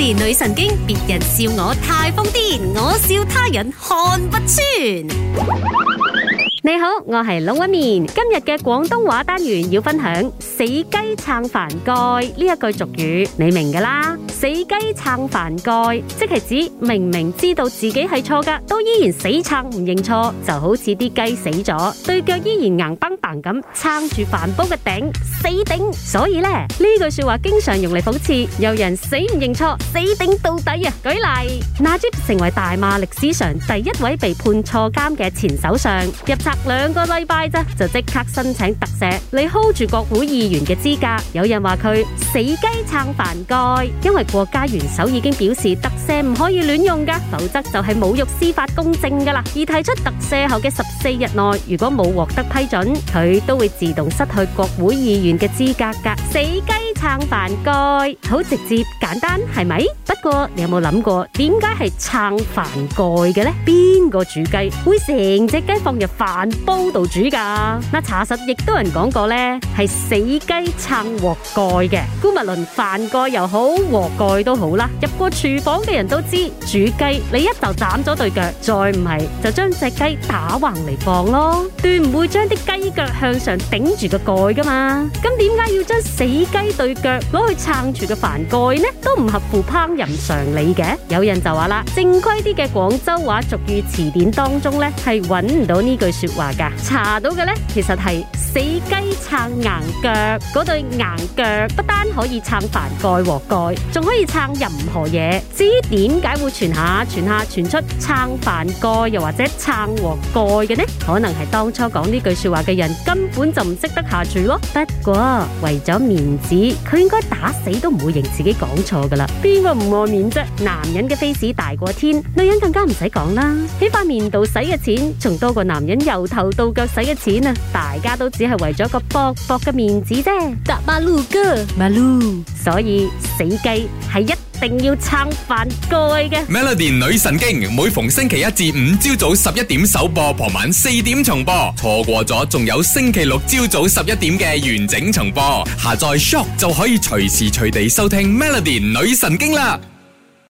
女神經，別人笑我太瘋癲，我笑他人看不穿。你好，我係龍紋敏，min. 今日嘅廣東話單元要分享「死雞撐飯蓋」呢一句俗語，你明㗎啦。死雞撐飯蓋，即係指明明知道自己係錯噶，都依然死撐唔認錯，就好似啲雞死咗，對腳依然硬崩崩咁撐住飯煲嘅頂，死頂。所以呢，呢句說話經常用嚟諷刺有人死唔認錯，死頂到底啊！舉例，納吉成為大馬歷史上第一位被判錯監嘅前首相，入冊兩個禮拜啫，就即刻申請特赦，你 hold 住國會議員嘅資格。有人話佢死雞撐飯蓋，因為。國家元首已經表示，特赦唔可以亂用噶，否則就係侮辱司法公正噶啦。而提出特赦後嘅十四日內，如果冇獲得批准，佢都會自動失去國會議員嘅資格噶。死雞撐飯蓋，好直接簡單係咪？不過你有冇諗過點解係撐飯蓋嘅咧？邊個煮雞會成隻雞放入飯煲度煮噶？嗱，查實亦都有人講過咧，係死雞撐鑊蓋嘅，姑勿論飯蓋又好鑊蓋蓋都好啦，入過廚房嘅人都知，煮雞你一就斬咗對腳，再唔係就將隻雞打橫嚟放咯，斷唔會將啲雞腳向上頂住個蓋噶嘛。咁點解要將死雞對腳攞去撐住個飯蓋呢？都唔合乎烹飪常理嘅。有人就話啦，正規啲嘅廣州話俗語詞典當中呢，係揾唔到呢句說話噶。查到嘅呢，其實係死雞。撐硬腳嗰對硬腳不單可以撐飯蓋和蓋，仲可以撐任何嘢。至於點解會傳下傳下傳出撐飯蓋又或者撐和蓋嘅呢？可能係當初講呢句說話嘅人根本就唔識得下廚咯。不過為咗面子，佢應該打死都唔會認自己講錯㗎喇。邊個唔愛面啫？男人嘅 face 大過天，女人更加唔使講啦。喺塊面度使嘅錢，仲多過男人由頭到腳使嘅錢啊！大家都只係為咗一個。薄薄嘅面子啫，答馬露哥，馬露鹿，所以死雞係一定要撐飯蓋嘅。Melody 女神經，每逢星期一至五朝早十一點首播，傍晚四點重播，錯過咗仲有星期六朝早十一點嘅完整重播，下載 Shock 就可以隨時隨地收聽 Melody 女神經啦。